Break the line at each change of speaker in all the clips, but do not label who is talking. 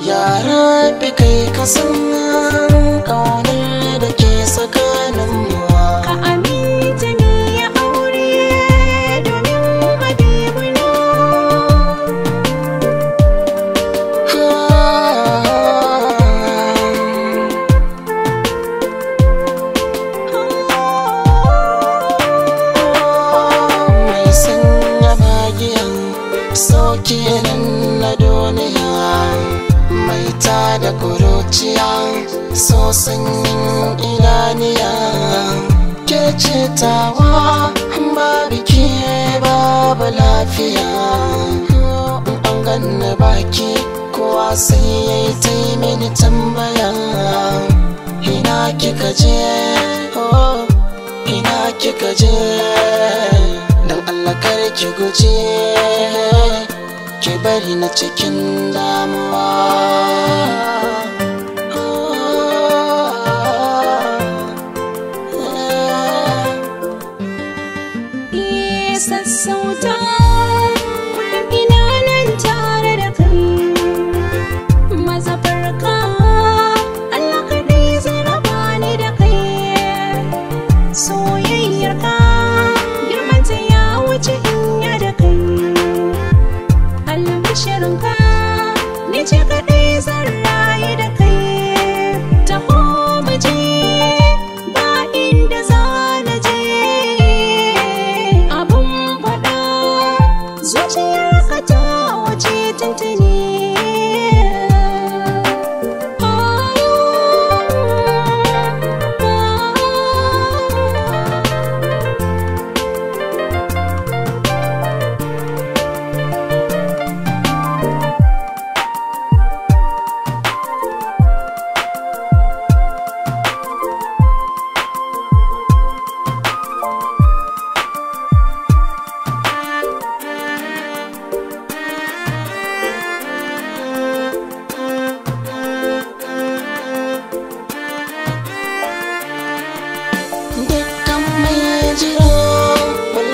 yara bi kai ka san kaunar da ke tsakanin mu ka
amince ni ya aure domin habibu na
mai sanya bagiyan sauke nan na da kuruciya so sanyin idaniya ke ce tawa ba biki babu lafiya an ganna baki kowa sai ya yi ta yi mini tambaya ina kika je oh, ina kika je don allah ki guje ke bari na cikin damuwa 写轮。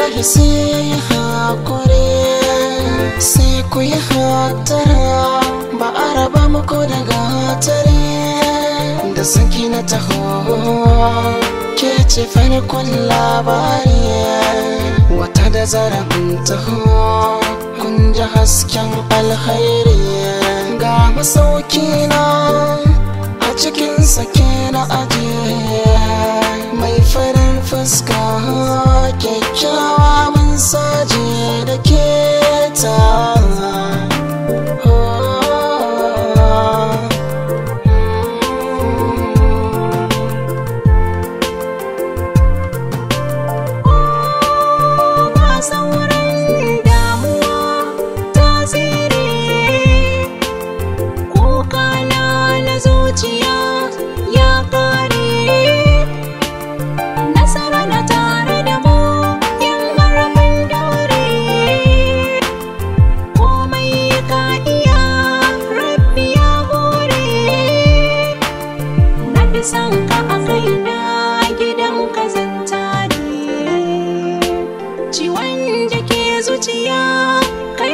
wallahi sai hakuri sai ku yi hatara ba a raba muku daga hatari da saki na taho ke ce farkon labari wata da zarafin taho kun ji hasken alhairi ga masauki na a cikin sake na aji
fi son ka a kaina gidan ka zanta ne ciwon da ke zuciya